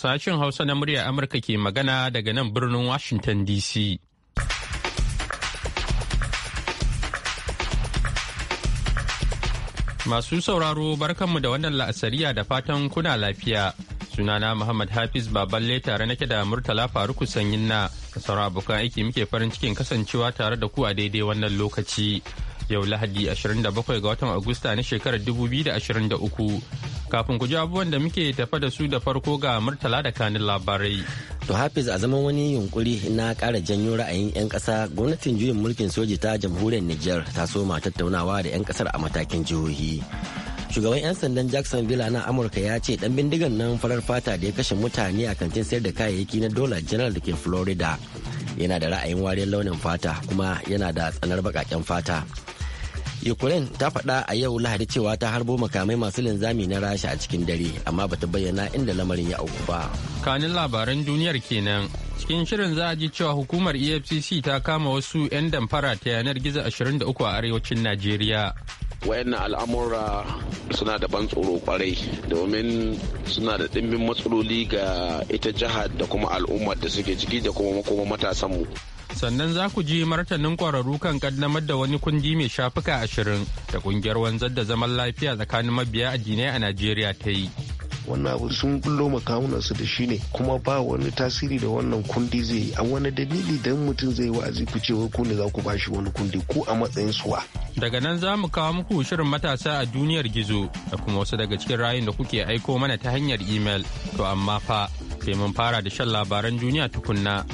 Sashen Hausa na muryar Amurka ke magana daga nan birnin Washington DC. Masu sauraro barkanmu da wannan la'asariya da fatan kuna lafiya. Sunana Muhammad Hafiz Baballe tare nake da Murtala Faruku Sanyin na sauran abokan aiki muke farin cikin kasancewa tare da ku a daidai wannan lokaci. yau Lahadi 27 ga watan Agusta na shekarar 2023. Kafin ku ji abubuwan da muke tafa da su da farko ga Murtala da kanin labarai. To Hafiz a zaman wani yunkuri na kara janyo ra'ayin 'yan kasa gwamnatin juyin mulkin soji ta jamhuriyar Nijar ta soma tattaunawa da 'yan kasar a matakin jihohi. shugaban 'yan sandan jackson villa na amurka ya ce dan bindigan nan farar fata da ya kashe mutane a kantin sayar da kayayyaki na dola general da ke florida yana da ra'ayin wariyar launin fata kuma yana da tsanar bakaken fata ukraine ta faɗa a yau lahadi cewa ta harbo makamai masu linzami na rasha a cikin dare amma bata bayyana inda lamarin ya auku ba kanin labaran duniyar kenan cikin shirin za a ji cewa hukumar efcc ta kama wasu 'yan damfara ta yanar gizo 23 a arewacin najeriya wayannan al'amura suna da ban tsoro kwarai domin suna da dimbin matsaloli ga ita jihar da kuma al'ummar da suke ciki da kuma makoma matasanmu sannan za ku ji martanin kwararru kan kaddamar da wani kundi mai shafuka ashirin da kungiyar wanzar da zaman lafiya tsakanin mabiya addinai a najeriya ta yi wannan abu sun bullo makamunansu da shi ne kuma ba wani tasiri da wannan kundi zai yi a wani dalili dan mutum zai wa'azi ku ce ku ne za ku bashi wani kundi ko a matsayin suwa daga nan za mu kawo muku shirin matasa a duniyar gizo da kuma wasu daga cikin rayun da kuke aiko mana ta hanyar imel to amma fa sai mun fara da shan labaran duniya tukunna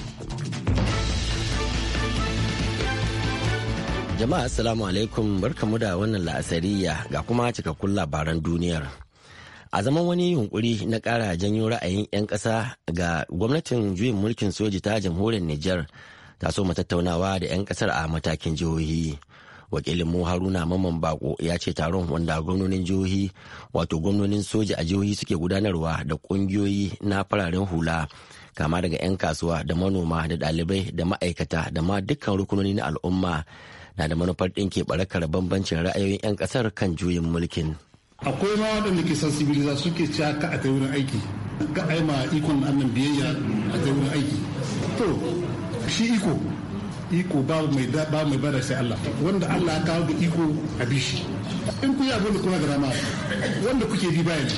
Jama'a Assalamu alaikum barkamu da wannan la'asariya ga kuma cikakkun labaran duniyar. A zaman wani yunkuri na kara janyo ra'ayin 'yan ƙasa ga gwamnatin juyin mulkin soji ta jamhuriyar Nijar ta so tattaunawa da 'yan ƙasar a matakin jihohi. Wakilin mu Haruna Maman Bako ya ce taron wanda gwamnonin jihohi wato gwamnonin soji a jihohi suke gudanarwa da ƙungiyoyi na fararen hula kama daga 'yan kasuwa da manoma da ɗalibai da ma'aikata da ma dukkan rukunoni na al'umma na da manufar ɗinke barakar bambancin ra'ayoyin 'yan ƙasar kan juyin mulkin. akwai ma waɗanda ke sibiliza suke cewa ka a wurin aiki ga a ma ikon annan biyayya a ta wurin aiki to shi iko iko babu mai ba mai bada sai Allah wanda Allah ya kawo da iko a bishi in ku yi abin da kuna ga wanda kuke bi bayan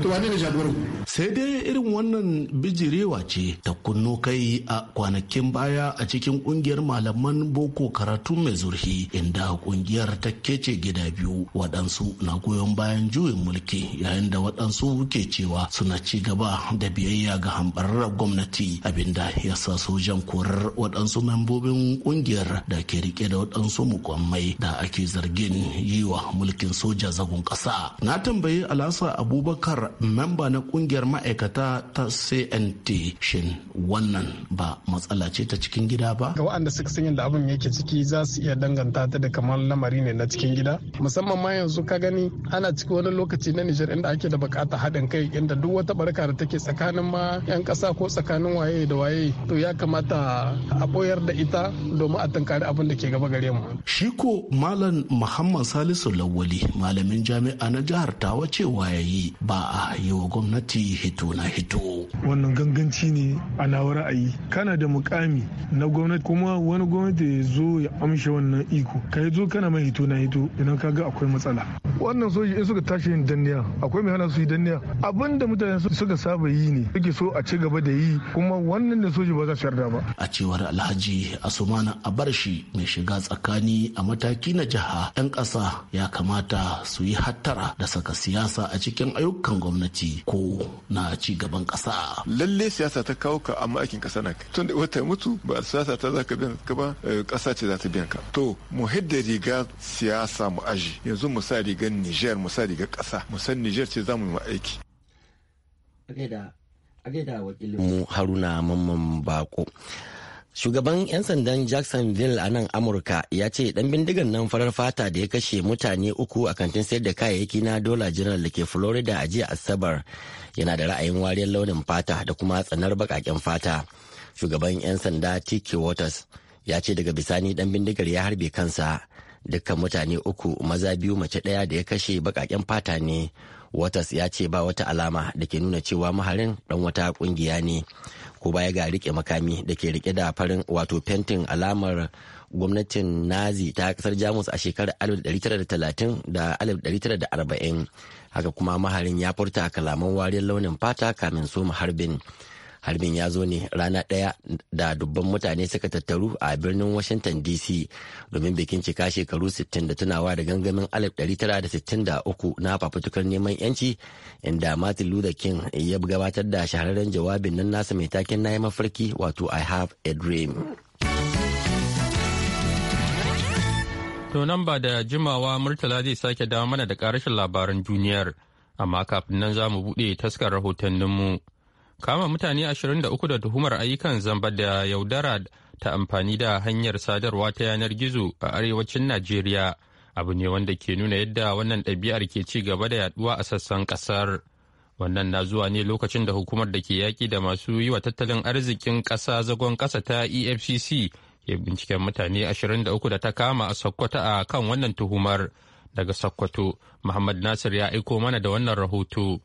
to wane ne jagoran sai dai irin wannan bijirewa ce ta kunno kai a kwanakin baya a cikin kungiyar malaman boko karatu mai zurfi inda kungiyar ta kece gida biyu waɗansu na goyon bayan juyin mulki yayin da waɗansu ke cewa suna ci gaba da biyayya ga hambarar gwamnati abinda ya sa sojan korar waɗansu membobin kungiyar da ke rike da waɗansu mukwammai da ake zargin yi wa mulkin soja zagon ƙasa na tambayi alasa abubakar memba na kungiyar ma'aikata ta cnt shin wannan ba matsala ce ta cikin gida ba ga waɗanda suka san yadda abin yake ciki za su iya danganta ta da kamar lamari ne na cikin gida musamman ma yanzu ka gani ana ciki wani lokaci na Nijar inda ake da bukata haɗin kai inda duk wata barka da take tsakanin ma 'yan ƙasa ko tsakanin waye da waye to ya kamata a boyar da ita domin a tankari abin da ke gaba gare mu shi ko malam muhammad salisu lawali malamin jami'a na jihar tawa cewa yayi ba a yi wa gwamnati hito na hito wannan ganganci ne a ana nawa ra'ayi kana da mukami na gwamnati kuma wani gwamnati ya zo ya amshe wannan iko ka zo kana mai hito na hito idan ka ga akwai matsala wannan soji in suka tashi yin danniya akwai mai hana su yi danniya abin da mutane suka saba yi ne suke so a ci gaba da yi kuma wannan da soji ba za su yarda ba a cewar alhaji asumana abarshi mai shiga tsakani a mataki na jiha yan kasa ya kamata su yi hattara da saka siyasa a cikin ayyukan gwamnati ko na ci gaban lallai lalle siyasa ta kawo ka amma aikin kasa na kai tun da wata mutu ba siyasa ta za ka biyan ka ba kasa eh, ce za ta biyan ka to mu hidda riga siyasa mu aji yanzu mu sa rigar Niger mu sa rigar kasa mu san Niger ce za mu yi aiki mu haruna mamman bako shugaban 'yan sandan jacksonville a nan amurka ya ce dan bindigan nan farar fata da ya kashe mutane uku a kantin sayar da kayayyaki na dola jiran da ke florida a jiya asabar yana da ra'ayin wariyar launin fata da kuma tsanar baƙaƙen fata shugaban 'yan sanda tk waters ya ce daga bisani dan bindigar ya harbe kansa dukkan mutane uku maza biyu mace ɗaya da ya kashe baƙaƙen fata ne waters ya ce ba wata alama da ke nuna cewa maharin dan wata kungiya ne ko baya ga rike makami da ke rike da farin wato fentin alamar gwamnatin nazi ta kasar jamus a shekarar 1930 da 1940 haka kuma maharin ya furta a kalaman wariyar launin fata kamin soma harbin harbin ya zo ne rana ɗaya da dubban mutane suka tattaru a birnin washington dc domin bikin cika shekaru 60 da tunawa da gangamin 1963 na fafutukar neman yanci inda martin luther king ya gabatar da shahararren jawabin nan nasa mai takin na yi mafarki wato i have a dream To nan ba da jimawa Murtala zai sake dawo mana da karashin labaran duniyar, amma kafin nan za mu buɗe taskar rahotanninmu. Kama mutane 23 da tuhumar ayyukan zamba da yaudara ta amfani da hanyar sadarwa ta yanar gizo a arewacin Najeriya abu ne wanda ke nuna yadda wannan ɗabi'ar ke ci gaba da yaduwa a sassan ƙasar. Wannan na zuwa ne lokacin da hukumar da ke yaƙi da masu yi wa tattalin arzikin ƙasa zagon ƙasa ta EFCC binciken mutane 23 da ta kama a Sokoto a kan wannan tuhumar. Daga Sokoto, Muhammad Nasir ya aiko mana da wannan rahoto.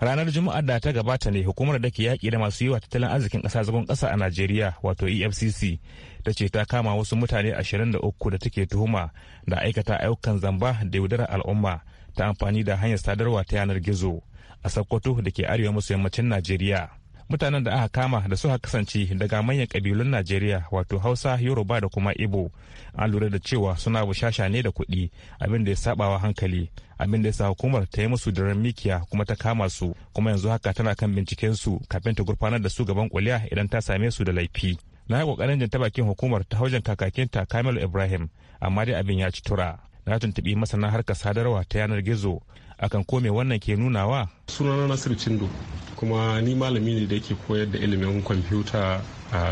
Ranar Juma'ar da ta gabata ne hukumar da ke yaƙi da masu yi wa tattalin arzikin ƙasa zagon ƙasa a Najeriya wato EFCC ta ce ta kama wasu mutane 23 da take tuhuma da aikata ayyukan zamba da yaudarar al'umma ta amfani da hanyar sadarwa ta yanar gizo a Sokoto da ke arewa maso yammacin Najeriya. mutanen da aka kama da su ha kasance daga manyan kabilun najeriya wato hausa yoruba da kuma ibo an lura da cewa suna bushasha ne da kuɗi abin da ya sabawa hankali abin da ya sa hukumar ta yi musu daren mikiya kuma ta kama su kuma yanzu haka tana kan binciken su kafin ta gurfanar da su gaban kuliya idan ta same su da laifi na yi kokarin jin ta bakin hukumar ta haujan kakakinta kamilu ibrahim amma dai abin ya ci tura na tuntuɓi masana harkar sadarwa ta yanar gizo akan kome wannan ke nunawa sunana nasir cindo kuma ni malami ne da yake koyar da ilimin kwamfuta a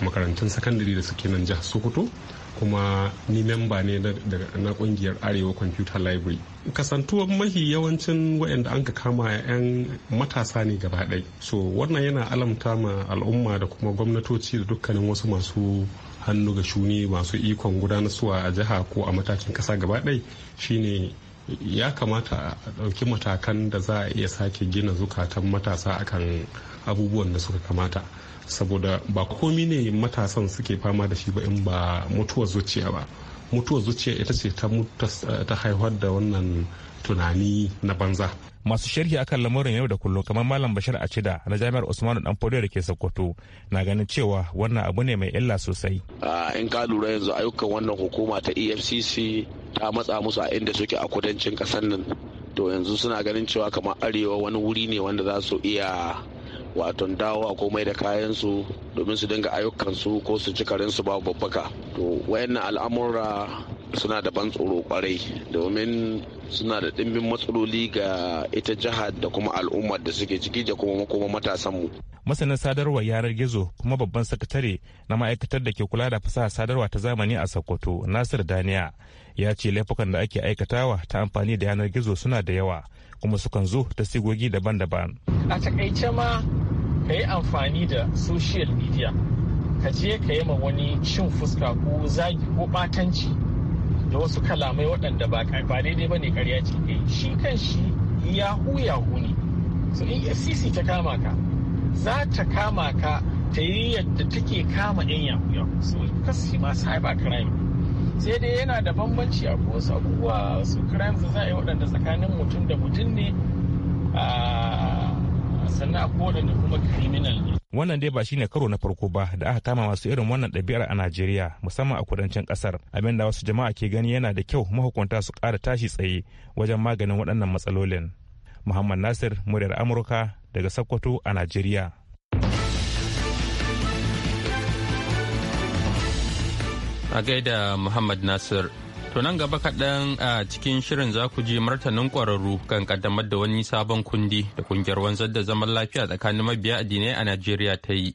makarantun sakandare da suke nan jihar sokoto kuma ni memba ne na kungiyar arewa computer library kasantuwar mahi yawancin waɗanda an ka kama 'yan matasa ne gaba ɗai so wannan yana alamta ma al'umma da kuma gwamnatoci da dukkanin wasu masu hannu ga shuni masu ikon gudanarwa a jiha ko a matakin ƙasa gaba ɗai shine ya kamata a ɗauki matakan da za a iya sake gina zukatan matasa akan abubuwan da suka kamata saboda ba komi ne matasan suke fama da shi ba in ba mutuwar zuciya ba mutuwar zuciya ita ce ta haifar da wannan tunani na banza masu sharhi akan lamarin yau da kullum kamar malam bashir a cida na jami'ar usmanu dan fodiyo da ke sokoto na ganin cewa wannan abu ne mai illa sosai in ka lura yanzu ayyukan wannan hukuma ta efcc ta matsa musu a inda suke a kudancin kasar nan to yanzu suna ganin cewa kamar arewa wani wuri ne wanda za su iya waton dawo a komai da kayan su domin su dinga su ko su ci su babu babbaka to wayannan al'amura suna da ban tsoro kwarai domin suna da ɗimbin matsaloli ga ita jihar da kuma al'ummar da suke ciki da kuma makoma matasanmu. Masanin sadarwar yanar gizo kuma babban sakatare na ma'aikatar da ke kula da fasaha sadarwa ta zamani a Sokoto Nasir Daniya ya ce laifukan da ake aikatawa ta amfani da yanar gizo suna da yawa kuma sukan zo ta sigogi daban-daban. A takaice ma ka yi amfani da social media ka je ka yi ma wani cin fuska ko zagi ko batanci da wasu kalamai waɗanda ba daidai ba ne karya ce shi kan shi yahu yahu ne so in fcc ta kama ka za ta kama ka ta yi yadda take kama yan yahu yahu so kasi ma cyber crime sai dai yana da bambanci a wasu abubuwa su crimes za a yi waɗanda tsakanin mutum da mutum ne ah, sannan a waɗanda kuma criminal ne Wannan dai ba shine karo na farko ba da aka kama masu irin wannan ɗabi'ar a Najeriya musamman a kudancin ƙasar. Abin da wasu jama'a ke gani yana da kyau mahukunta su ƙara tashi tsaye wajen maganin waɗannan matsalolin. Muhammad Nasir, muryar Amurka daga Sokoto a Najeriya. A gaida Muhammad Nasir To nan gaba kaɗan a cikin shirin za ku je martanin ƙwararru kan ƙaddamar da wani sabon kundi da ƙungiyar wanzar da zaman lafiya tsakanin mabiya addinai a Najeriya ta yi.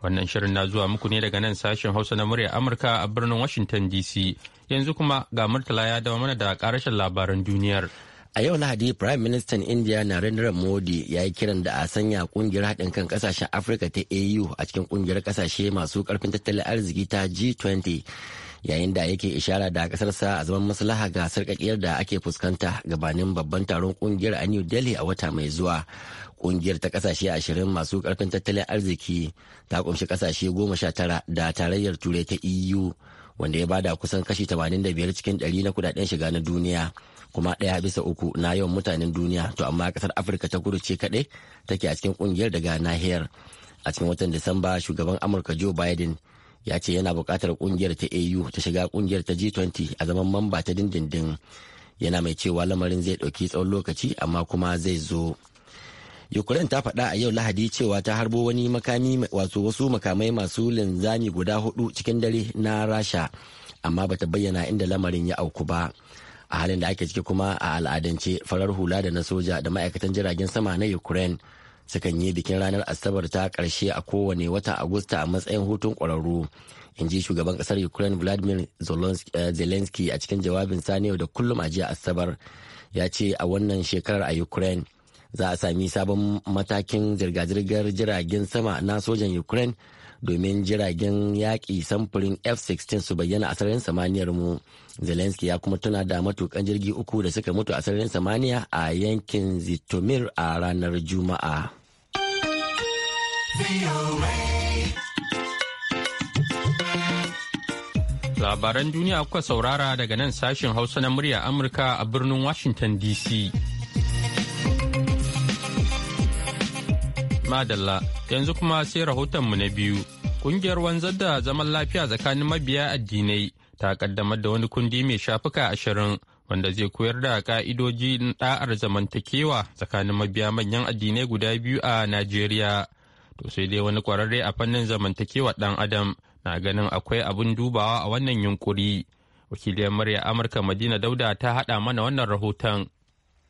Wannan shirin na zuwa muku ne daga nan sashen Hausa na murya Amurka a birnin Washington DC. Yanzu kuma ga Murtala ya dawo mana da ƙarashin labaran duniyar. A yau Lahadi Prime Minister India Narendra Modi ya yi kiran da a sanya kungiyar haɗin kan ƙasashen Afirka ta AU a cikin kungiyar ƙasashe masu ƙarfin tattalin arziki ta G20 yayin da yake ishara da kasarsa a zaman maslaha ga sarkakiyar da ake fuskanta gabanin babban taron kungiyar a new delhi a wata mai zuwa kungiyar ta kasashe ashirin masu karfin tattalin arziki ta kunshi kasashe goma sha tara da tarayyar turai ta eu wanda ya bada kusan kashi 85 cikin 100 na kudaden shiga na duniya kuma ɗaya bisa uku na yawan mutanen duniya to amma ƙasar afirka ta kudu ce kaɗai take a cikin kungiyar daga nahiyar a cikin watan disamba shugaban amurka joe biden ya ce yana buƙatar ƙungiyar ta au ta shiga ƙungiyar ta g20 a zaman mamba ta dindindin yana mai cewa lamarin zai ɗauki tsawon lokaci amma kuma zai zo ukraine ta faɗa a yau lahadi cewa ta harbo wani makami wato wasu makamai masu linzami guda hudu cikin dare na rasha amma bata bayyana inda lamarin ya auku ba a halin da ake ciki kuma a al'adance farar hula da na soja da ma'aikatan jiragen sama na ukraine sukan yi bikin ranar asabar ta karshe a kowane wata agusta a matsayin hutun kwararru in ji shugaban kasar ukraine vladimir eh, zelensky a cikin jawabin sani yau da kullum a jiya asabar ya ce a wannan shekarar a ukraine za a sami sabon matakin zirga-zirgar jiragen sama na sojan ukraine domin jiragen yaƙi samfurin f-16 su bayyana a sararin samaniyar mu zelensky ya kuma tuna da matukan jirgi uku da suka mutu a sararin samaniya a yankin zitomir a ranar juma'a labaran duniya kuka saurara daga nan sashen hausa na murya amurka a birnin washington dc madalla yanzu kuma sai rahotonmu na biyu Kungiyar wanzar da zaman lafiya tsakanin mabiya addinai ta kaddamar da wani kundi mai shafuka ashirin wanda zai koyar da ka'idoji da'ar zamantakewa tsakanin mabiya manyan addinai guda biyu a Najeriya. To sai dai wani kwararre a fannin zamantakewa ɗan adam na ganin akwai abin dubawa a wannan yunkuri. Wakiliyar murya Amurka Madina Dauda ta haɗa mana wannan rahoton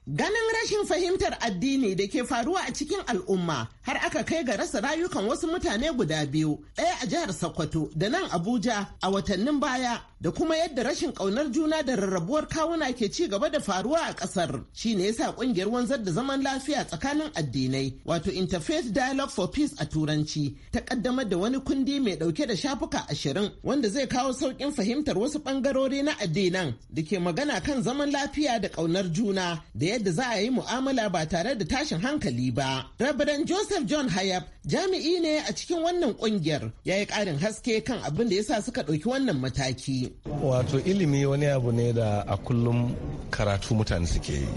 Ganin rashin fahimtar addini da ke faruwa a cikin al'umma har aka kai ga rasa rayukan wasu mutane guda biyu, ɗaya a jihar Sokoto da nan Abuja a watannin baya da kuma yadda rashin ƙaunar juna da rarrabuwar kawuna ke ci gaba da faruwa a ƙasar shi ne yasa ƙungiyar wanzar da zaman lafiya tsakanin addinai wato Interfaith Dialogue for Peace a Turanci ta ƙaddamar da wani kundi mai ɗauke da shafuka ashirin wanda zai kawo sauƙin fahimtar wasu ɓangarori na addinan da ke magana kan zaman lafiya da ƙaunar juna da yadda za a yi mu'amala ba tare da tashin hankali ba. Rabaran Joseph John Hayab jami'i ne a cikin wannan kungiyar ya yi karin haske kan abin da sa suka ɗauki wannan mataki wato ilimi wani abu ne da a kullum karatu mutane suke yi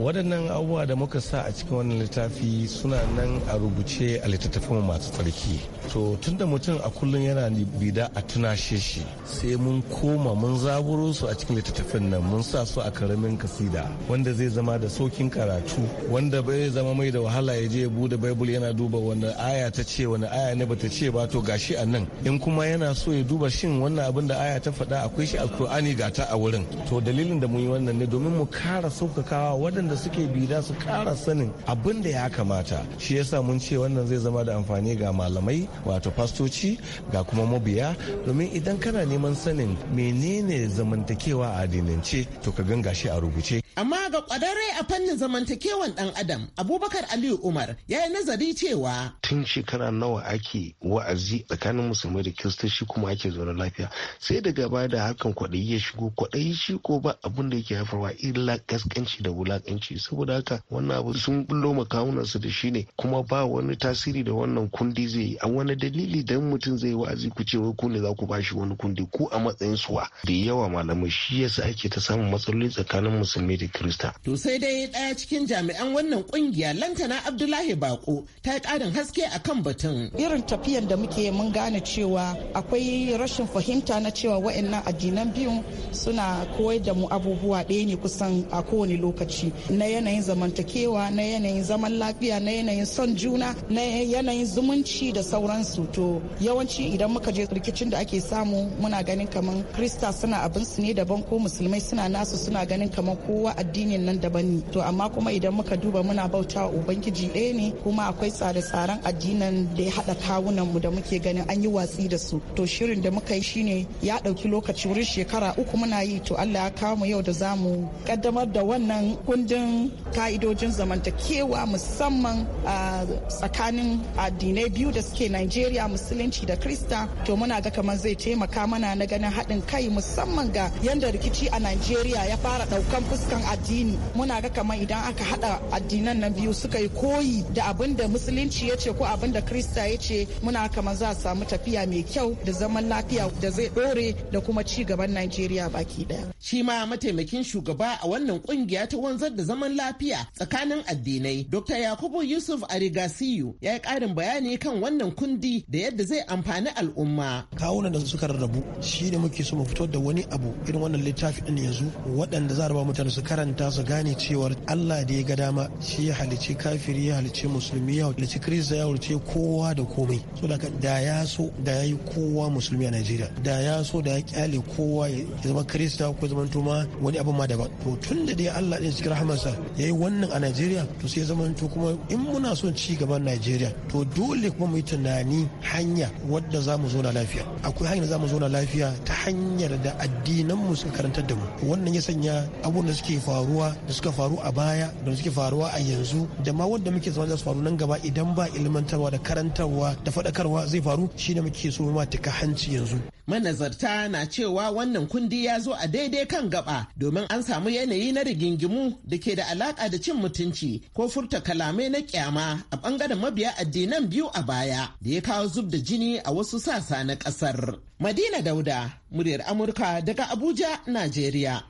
waɗannan abubuwa da muka sa a cikin wannan littafi suna nan a rubuce a littattafan masu tsarki to tunda mutum a kullum yana bida a tunashe shi sai mun koma mun zaburo su a cikin littattafan nan mun sa su a karamin kasida wanda zai zama da saukin karatu wanda bai zama mai da wahala ya je ya bude baibul yana duba wanda aya ta ce wani aya ne bata ce ba to gashi a nan in kuma yana so ya duba shin wannan abin da aya ta faɗa akwai shi alkur'ani ga ta a wurin to dalilin da mun yi wannan ne domin mu kara saukakawa waɗanda suke bida su kara sanin abin da ya kamata shi yasa mun ce wannan zai zama da amfani ga malamai wato fastoci ga kuma mabiya domin idan kana neman sanin menene zamantakewa a addinance to ka ganga shi a rubuce amma ga kwararre a fannin zamantakewan dan adam abubakar aliyu umar ya yi nazari cewa tun shekara nawa ake wa'azi tsakanin musulmai da Kirista kiristoci kuma ake zaune lafiya sai daga baya da harkan kwaɗayi ya shigo kwaɗayi shi ko ba abin da yake haifarwa illa gaskanci da wulakanci saboda haka wannan abu sun bullo makamunansu da shi ne kuma ba wani tasiri da wannan kundi zai yi a wani dalili dan mutum zai yi wa'azi ku ce wai ku ne za ku bashi wani kundi Ko a matsayin suwa da yawa malamai shi yasa ake ta samun matsaloli tsakanin musulmi da kirista. to sai dai ɗaya cikin jami'an wannan ƙungiya lantana abdullahi bako ta ƙarin haske akan batun irin tafiyan da muke mun gane cewa akwai rashin fahimta na cewa wa'annan addinan biyu suna koyar da mu abubuwa ɗaya ne kusan a kowane lokaci na yanayin zamantakewa na yanayin zaman lafiya na yanayin son juna na yanayin zumunci da sauransu to yawanci idan muka je rikicin da ake samu muna ganin kaman krista suna abin su ne daban ko musulmai suna nasu suna ganin kaman kowa addinin nan daban ne to amma kuma idan muka duba muna bauta ubangiji ɗaya ne kuma akwai tsare-tsaren addini addinan da ya haɗa kawunan mu da muke ganin an yi watsi da su to shirin da muka yi shine ya ɗauki lokaci wurin shekara uku muna yi to Allah ya kawo mu yau da zamu kaddamar da wannan kundin ka'idojin zamantakewa musamman a tsakanin addinai biyu da suke nigeria musulunci da Krista to muna ga kamar zai taimaka mana na ganin haɗin kai musamman ga yanda rikici a nigeria ya fara ɗaukan fuskan addini muna ga kamar idan aka haɗa addinan nan biyu suka yi koyi da abin da musulunci ya ce ko a abin da krista ya ce muna kamar za a samu tafiya mai kyau da zaman lafiya da zai dore da kuma ci gaban najeriya baki daya shi ma mataimakin shugaba a wannan kungiya ta wanzar da zaman lafiya tsakanin addinai dr yakubu yusuf arigasiyu ya yi karin bayani kan wannan kundi da yadda zai amfani al'umma kawunan da suka rarrabu shi ne muke so mu fito da wani abu irin wannan littafi din yanzu waɗanda za a raba mutane su karanta su gane cewar allah da ya ga dama shi ya halicci kafiri ya halicci musulmi ya halicci kirista ya jajirce kowa da komai so da ya so da ya yi kowa musulmi a najeriya da ya so da ya kyale kowa ya zama kirista ko zama tuma wani abin ma daban to tun da dai allah ɗin cikin rahamarsa ya yi wannan a najeriya to sai zama to kuma in muna son ci gaban najeriya to dole kuma mu yi tunani hanya wadda za mu zauna lafiya akwai hanyar za mu zauna lafiya ta hanyar da addinan mu suka karantar da mu wannan ya sanya abubuwan da suke faruwa da suka faru a baya da suke faruwa a yanzu da ma wanda muke zama za su faru nan gaba idan ba ilimin ilmantarwa da karantarwa da faɗakarwa zai faru ne muke so ma tuka hanci yanzu manazarta na cewa wannan kundi ya zo a daidai kan gaba domin an samu yanayi na rigingimu da ke da alaka da cin mutunci ko furta kalamai na kyama a bangaren mabiya addinan biyu a baya da ya kawo zub da jini a wasu sasa na ƙasar. madina dauda muryar amurka daga abuja najeriya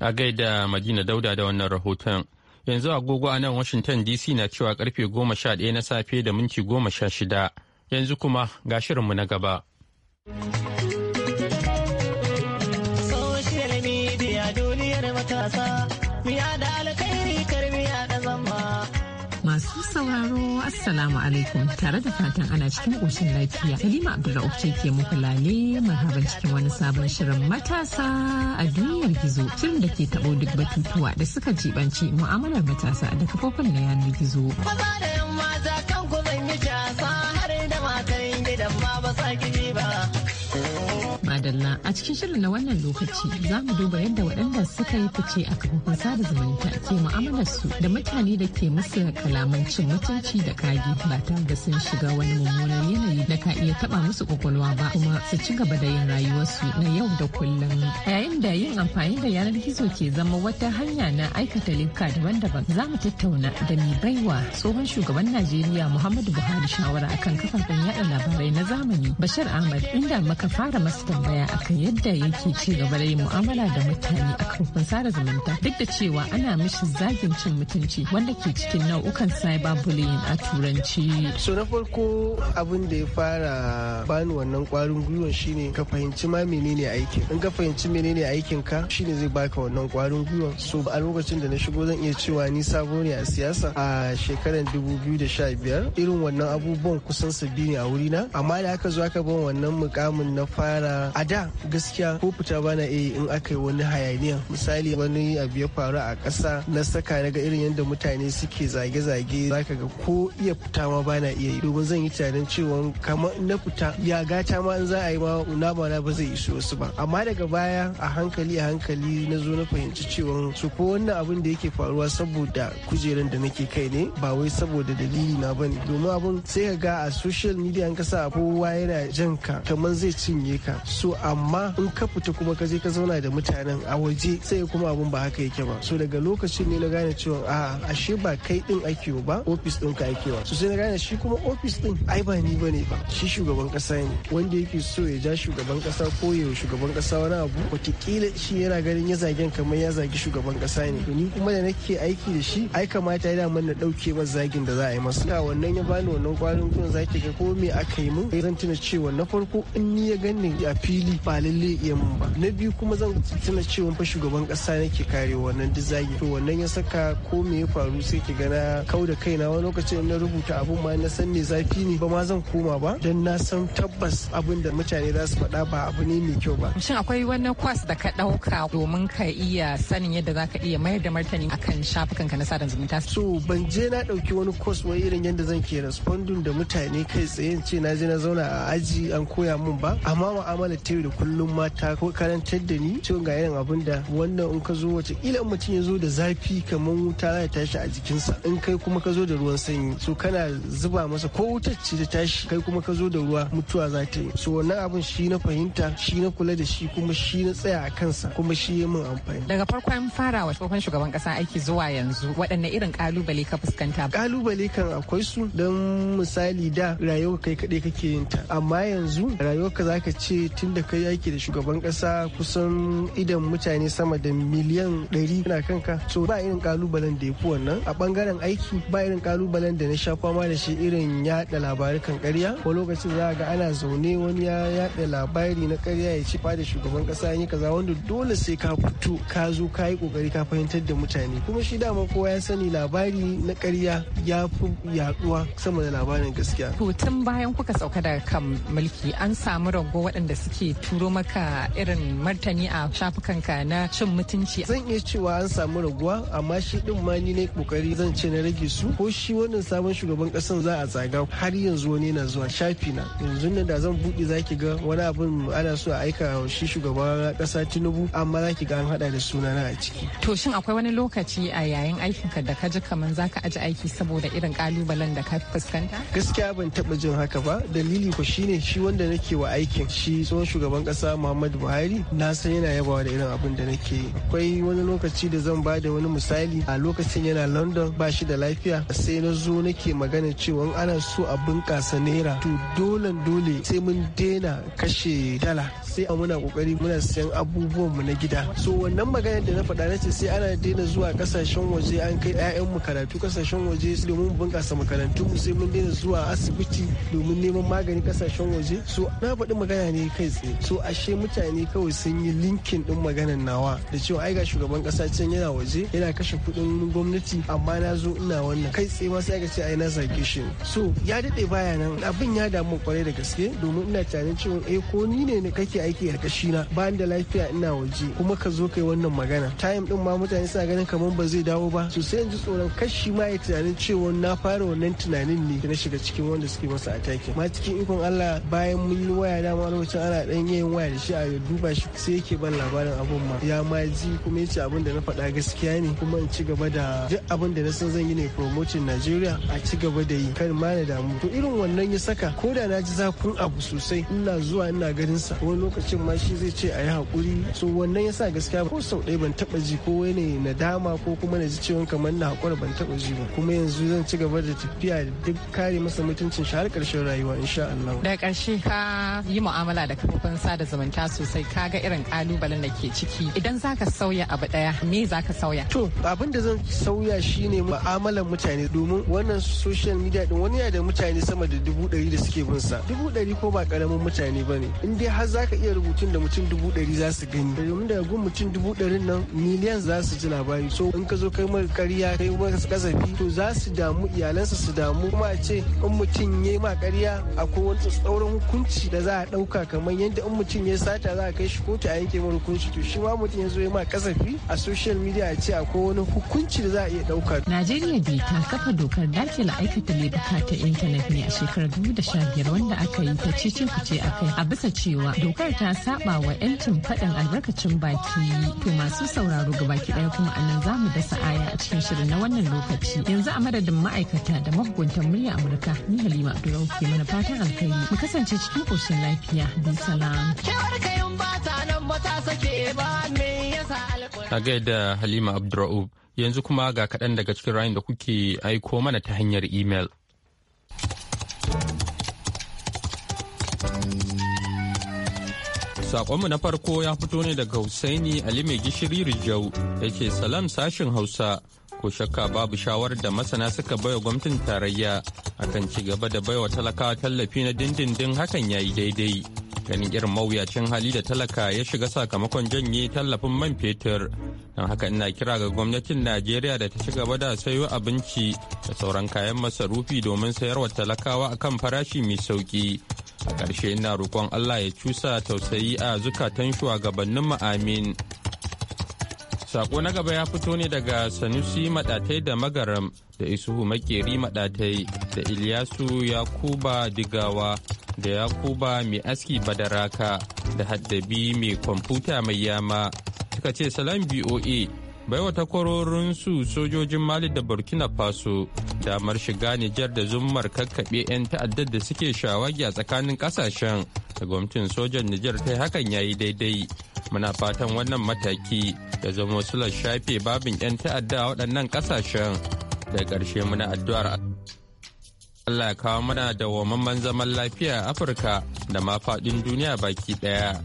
a gaida madina dauda da wannan rahoton yanzu agogo a nan washington dc na cewa karfe goma sha ɗaya na safe da minti goma sha shida yanzu kuma ga shirinmu na gaba. sauraro Assalamu alaikum tare da fatan ana cikin ƙoshin lafiya. Halima Abdullahi ce ke muku lale marhaban cikin wani sabon shirin matasa a duniyar gizo. Shirin da ke taɓo duk batutuwa da suka jibanci mu'amalar matasa da kafofin na yanar gizo. madalla a cikin shirin na wannan lokaci za mu duba yadda waɗanda suka yi fice a kafofin da zumunta ke mu'amalar su da mutane da ke musu kalaman cin mutunci da kage ba ta da sun shiga wani mummunan yanayi da ka iya taba musu kwakwalwa ba kuma su ci gaba da yin rayuwarsu na yau da kullum a yayin da yin amfani da yanar gizo ke zama wata hanya na aikata linka daban-daban za mu tattauna da mai baiwa tsohon shugaban najeriya muhammadu buhari shawara akan kafafen yaɗa labarai na zamani bashar ahmad inda muka fara masu tambaya magana akan yadda yake ci gaba da yin mu'amala da mutane a kafofin sada zumunta duk da cewa ana mishi zagin cin mutunci wanda ke cikin nau'ukan cyberbullying a turanci. So na farko abin da ya fara bani wannan kwarin gwiwa shine ka fahimci ma menene aikin. In ka fahimci menene aikin ka shine zai baka wannan kwarin gwiwa? So a lokacin da na shigo zan iya cewa ni sabo ne a siyasa a shekarar biyar irin wannan abubuwan kusan biyu ne a wurina amma da aka zo aka ban wannan mukamin na fara a da gaskiya ko fita bana iya in aka yi wani hayaniya misali wani abu ya faru a ƙasa na saka na ga irin yadda mutane suke zage-zage zaka ga ko iya fita ma bana iya yi domin zan yi tunanin cewa kamar na fita ya gata ma in za a yi ma na ba na ba zai iso su ba amma daga baya a hankali a hankali na zo na fahimci cewa su ko wannan abin da yake faruwa saboda kujerun da nake kai ne ba wai saboda dalili na bane domin abun sai ka ga a social media an kasa kowa yana jan ka kamar zai cinye ka so amma in ka fita kuma ka je ka zauna da mutanen a waje sai kuma abun ba haka yake ba so daga lokacin ne na gane cewa a ashe ba kai din ake ba ofis din ka ake so sai na gane shi kuma ofis din ai ba ni bane ba shi shugaban kasa ne wanda yake so ya ja shugaban kasa ko ya shugaban kasa wani abu wataƙila shi yana ganin ya zagen kamar ya zagi shugaban kasa ne to ni kuma da nake aiki da shi ai kamata ya daman na ɗauke ma zagin da za a yi masa ga wannan ya bani wannan kwarin kun zaki ga ko me aka yi mun zan tuna cewa na farko in ni ya ganni a fili fili ba lalle iya mun ba na biyu kuma zan tuna cewa fa shugaban kasa nake kare wannan dizagi to wannan ya saka ko me ya faru sai ki gana kau da kaina wani lokacin na rubuta abun ma na san me zafi ne ba ma zan koma ba dan na san tabbas abun da mutane za su faɗa ba abu ne mai kyau ba shin akwai wani kwas da ka ɗauka domin ka iya sanin yadda za ka iya mayar da martani akan shafukan ka na sada zumunta so ban je na ɗauki wani kwas wai irin yadda zan ke responding da mutane kai tsaye ce na je na zauna a aji an koya mun ba amma mu'amalar ta da kullum mata ko karantar da ni cewa ga irin abin da wannan in ka zo wace kila mutum ya zo da zafi kamar wuta ya tashi a jikinsa in kai kuma ka zo da ruwan sanyi so kana zuba masa ko wutar ce ta tashi kai kuma ka zo da ruwa mutuwa za ta yi so wannan abin shi na fahimta shi na kula da shi kuma shi na tsaya a kansa kuma shi ya min amfani daga farko an fara wa tsohon shugaban kasa aiki zuwa yanzu waɗanne irin kalubale ka fuskanta kalubale kan akwai su don misali da rayuwa kai kaɗai kake yin ta amma yanzu rayuwarka ka ce tun da kai aiki da shugaban kasa kusan idan mutane sama da miliyan 100 na kanka so ba irin kalubalen da ya fi wannan a bangaren aiki ba irin kalubalen da na sha fama da shi irin yada labarai kan karya ko lokacin za ga ana zaune wani ya yada labari na karya ya ci da shugaban kasa yi kaza wanda dole sai ka fito ka zo ka yi kokari ka fahimtar da mutane kuma shi dama kowa ya sani labari na karya ya fi yaduwa sama da labarin gaskiya to tun bayan kuka sauka daga kan mulki an samu rango waɗanda suke turo maka irin martani a shafukan ka na cin mutunci zan iya cewa an samu raguwa amma shi din ma ni ne kokari zan ce na rage su ko shi wannan sabon shugaban kasan za a tsaga har yanzu wani na zuwa shafi na yanzu ne da zan buɗe zaki ga wani abin ana so a aika shi shugaban kasa tinubu amma zaki ga an hada da sunana a ciki to shin akwai wani lokaci a yayin aikinka da ka ji kaman zaka aji aiki saboda irin kalubalen da ka fuskanta gaskiya ban taba jin haka ba dalili ko shine shi wanda nake wa aikin shi tsohon shugaban kasa muhammadu buhari na san yana yabawa da irin abin da nake yi akwai wani lokaci da zan bada wani misali a lokacin yana london ba shi da lafiya sai na zo nake magana cewa ana so a bunkasa naira to dole dole sai mun daina kashe dala sai a muna kokari muna sayan abubuwan mu na gida so wannan magana da na faɗa na ce sai ana daina zuwa kasashen waje an kai 'ya'yan mu karatu kasashen waje domin bunkasa makarantu mu sai mun daina zuwa asibiti domin neman magani kasashen waje so na faɗi magana ne kai tsaye so ashe mutane kawai sun yi linkin din maganan nawa da cewa ai ga shugaban kasa can yana waje yana kashe kudin gwamnati amma na zo ina wannan kai tsaye ma sai aka ce ai na zage shi so ya dade baya nan abin ya damu kwarai da gaske domin ina tunanin cewa eh ko ni ne ne kake aiki a kashi na ba da lafiya ina waje kuma ka zo kai wannan magana time din ma mutane suna ganin kamar ba zai dawo ba so sai ji tsoron kashi ma ya tunanin cewa na fara wannan tunanin ne na shiga cikin wanda suke masa ataki ma cikin ikon Allah bayan mun yi waya dama lokacin ana dan waya da shi a duba shi sai yake ban labarin abun ma ya ma ji kuma yace abin da na faɗa gaskiya ne kuma in ci gaba da duk abin da na san zan yi ne promoting Najeriya a ci gaba da yi kar ma na damu to irin wannan ya saka ko da na ji zafin abu sosai ina zuwa ina ganin sa wani lokacin ma shi zai ce a yi hakuri so wannan ya sa gaskiya ko sau ɗaya ban taɓa ji ko wani nadama ko kuma na ji cewa kamar na hakura ban taɓa ji ba kuma yanzu zan ci gaba da tafiya duk kare masa mutuncin shi har ƙarshen rayuwa insha Allah da ƙarshe ka yi mu'amala da kafofin kafofin sada zumunta sosai kaga irin kalubalen da ke ciki idan zaka sauya abu daya me zaka sauya to abin da zan sauya shine mu'amalar mutane domin wannan social media din wani yana da mutane sama da dubu ɗari da suke bin sa dubu ɗari ko ba karamin mutane bane in dai har zaka iya rubutun da mutum dubu ɗari za su gani domin daga gun mutum dubu ɗarin nan miliyan za su ji labari so in ka zo kai mai ƙarya kai ma kasafi to za su damu iyalansa su damu kuma a ce in mutum ya yi ma ƙarya akwai wani tsauran hukunci da za a ɗauka kamar yadda yadda in mutum ya sata za a kai shi kotu a yanke mara hukunci to shi ma mutum ya zo ya ma kasafi a social media a ce akwai wani hukunci da za a iya ɗauka. Najeriya bai ta kafa dokar dakile aikata laifuka ta intanet ne a shekarar 2015 wanda aka yi ta cicin kuce a kai a bisa cewa dokar ta saba wa 'yancin faɗin albarkacin baki to masu sauraro gabaki ɗaya kuma a nan za mu dasa aya a cikin shirin na wannan lokaci yanzu a madadin ma'aikata da mahukuntan murya Amurka ni Halima Abdullahi ke mana fatan alkhairi mu kasance cikin koshin lafiya bin kenan. A gaida Halima Abdur'ub yanzu kuma ga kaɗan daga cikin rayun da kuke aiko mana ta hanyar imel. Sakonmu na farko ya fito ne daga Husaini Ali Mai Gishiri Rijau da ke salam sashin Hausa. ko shakka babu shawarar da masana suka baiwa gwamnatin tarayya akan ci gaba da baiwa talakawa tallafi na dindindin hakan ya yi daidai ganin irin mawuyacin hali da talaka ya shiga sakamakon janye tallafin man fetur don haka ina kira ga gwamnatin najeriya da ta ci gaba da sayo abinci da sauran kayan masarufi domin sayarwa talakawa akan farashi mai sauki a ƙarshe ina roƙon allah ya cusa tausayi a zukatan shugabannin mu amin Sako na gaba ya fito ne daga Sanusi Maɗatai da Magaram da Isuhu Makeri Maɗatai da Ilyasu Yakuba Digawa da Yakuba Mai Aski Badaraka da Haddabi Mai Kwamfuta Mai Yama suka ce salam BOA baiwa takwarorinsu sojojin Mali da Burkina Faso damar shiga Nijar da zummar kakkaɓe 'yan ta'addar da suke shawagi a tsakanin ƙasashen da gwamnatin sojan Nijar ta hakan yayi daidai. Muna fatan wannan mataki da zama sular shafe babin 'yan ta'adda a waɗannan ƙasashen da ƙarshe muna addu'ar Allah ya kawo mana da wamamman zaman lafiya a Afirka da ma faɗin duniya baki ɗaya.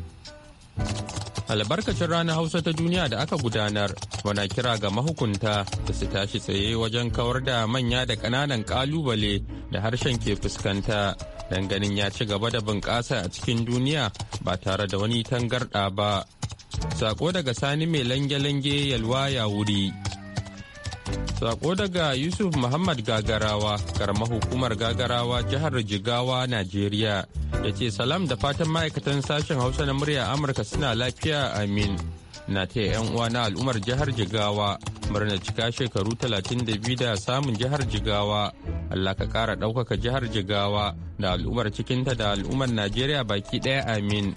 albarkacin ranar hausa ta duniya da aka gudanar muna kira ga mahukunta da su tashi tsaye wajen kawar da manya da ƙananan ƙalubale da harshen ke fuskanta don ganin ya ci gaba da bunƙasa a cikin duniya ba tare da wani tangarɗa ba sako daga sani mai lange-lange yalwa ya wuri Sako daga Yusuf Muhammad Gagarawa, karamar hukumar Gagarawa jihar Jigawa, Najeriya, da ce salam da fatan ma'aikatan sashen Hausa na murya Amurka suna lafiya amin. Na taya yan uwa na al'ummar jihar Jigawa, murna cika shekaru talatin da biyu da samun jihar Jigawa. Allah ka ƙara ɗaukaka jihar Jigawa da al'ummar cikinta da al'ummar Najeriya baki ɗaya amin.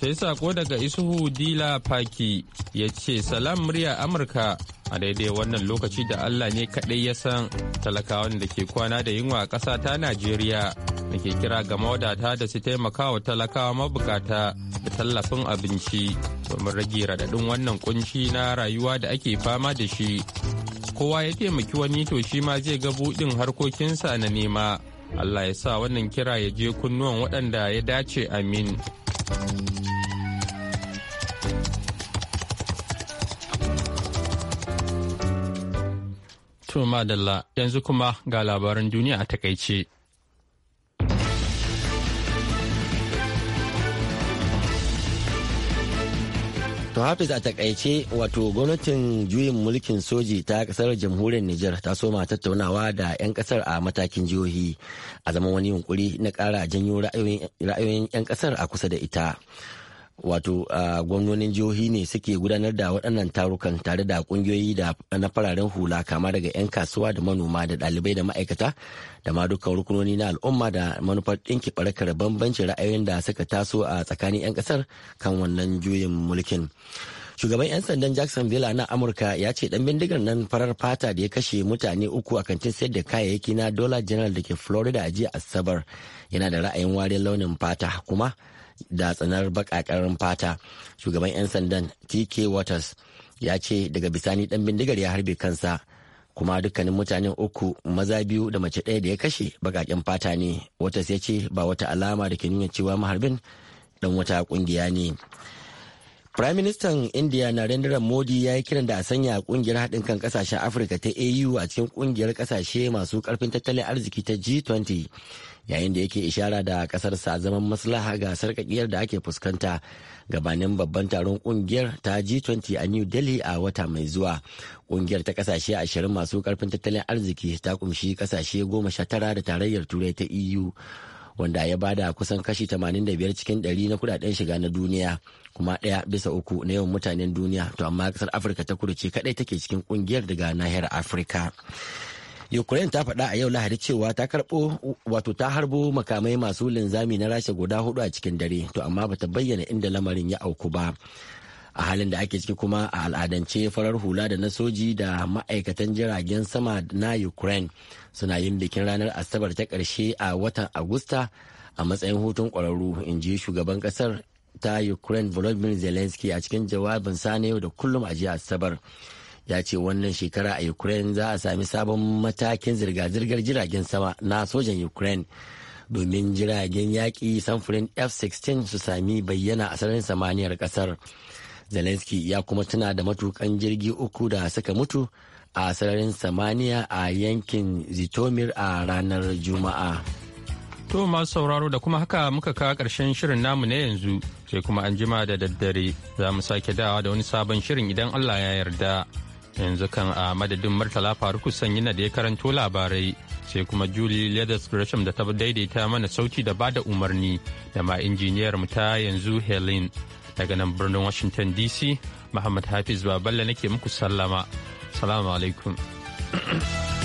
Sai sako daga Isuhu Dila Faki ya ce salam murya Amurka a daidai wannan lokaci da Allah ne kaɗai ya san talakawan da ke kwana da yunwa a ƙasa ta Najeriya da ke kira ga mawadata da su taimaka wa talakawa mabukata da tallafin abinci domin rage raɗaɗin wannan kunci na rayuwa da ake fama da shi. Kowa ya taimaki wani to shi ma zai ga buɗin harkokinsa na nema. Allah ya sa wannan kira ya je kunnuwan waɗanda ya dace amin. To madalla yanzu kuma ga labaran duniya a takaice. To Hafiz a takaice wato gwamnatin juyin mulkin soji ta kasar jamhuriyar Nijar ta soma tattaunawa da 'yan kasar a matakin jihohi a zaman wani yunkuri na kara janyo ra'ayoyin 'yan kasar a kusa da ita. wato gwamnonin jihohi ne suke gudanar da waɗannan tarukan tare da ƙungiyoyi da na fararen hula kama daga 'yan kasuwa da manoma da ɗalibai da ma'aikata da ma dukkan rukunoni na al'umma da manufar ɗinki ɓarkar bambancin ra'ayoyin da suka taso a tsakanin 'yan ƙasar kan wannan juyin mulkin. shugaban 'yan sandan jacksonville na amurka ya ce dan bindigar nan farar fata da ya kashe mutane uku a kantin sayar da kayayyaki na dollar general da ke florida a jiya asabar yana da ra'ayin wariyar launin fata kuma da tsanar baƙaƙen fata shugaban 'yan sandan tk waters ya ce daga bisani dan bindigar ya harbe kansa kuma dukkanin mutanen uku maza biyu da mace ɗaya da ya kashe baƙaƙen fata ne waters ya ce ba wata alama da ke nuna cewa maharbin dan wata ƙungiya ne Prime Minister India Narendra Modi ya yi kiran da a sanya kungiyar haɗin kan ƙasashen Afirka ta AU a cikin kungiyar kasashe masu karfin tattalin arziki ta G20 yayin da yake ishara da kasarsa sa zaman maslaha ga sarkakiyar da ake fuskanta gabanin babban taron kungiyar ta G20 a New Delhi a wata mai zuwa. Kungiyar ta kasashe 20 masu karfin tattalin arziki ta kumshi kasashe goma sha tara da tarayyar turai ta EU wanda ya bada kusan kashi 85 cikin 100 na kudaden shiga na duniya kuma ɗaya bisa uku na yawan mutanen duniya to amma kasar afirka ta kudu ce kadai take cikin kungiyar daga nahiyar afirka ukraine ta faɗa a yau lahadi cewa ta karɓo wato ta harbo makamai masu linzami na rasha guda hudu a cikin dare to amma bata bayyana inda lamarin ya auku ba a halin da ake ciki kuma a al'adance farar hula da na soji da ma'aikatan jiragen sama na ukraine suna yin bikin ranar asabar ta ƙarshe a watan agusta a matsayin hutun ƙwararru in ji shugaban ƙasar ta ukraine volodymyr zelensky a cikin jawabin sa na yau da kullum a jiya asabar ya ce wannan shekara a ukraine za a sami sabon matakin zirga-zirgar jiragen sama na sojan ukraine domin jiragen yaƙi samfurin f-16 su sami bayyana a sararin samaniyar ƙasar zelensky ya kuma tuna da matukan jirgi uku da suka mutu a sararin samaniya a yankin zitomir a ranar juma'a to masu sauraro da kuma haka muka kawo ƙarshen shirin namu na yanzu sai kuma an jima da daddare za mu sake dawa da wani sabon shirin idan allah ya yarda. yanzu kan a madadin Murtala Faruku na da ya karanto labarai sai kuma Julie Leathers Gresham da ta daidaita mana sauti da bada umarni da ma injiniyar ta yanzu Helen daga nan birnin Washington DC Muhammad Hafiz Baballe nake muku sallama. Salamu alaikum.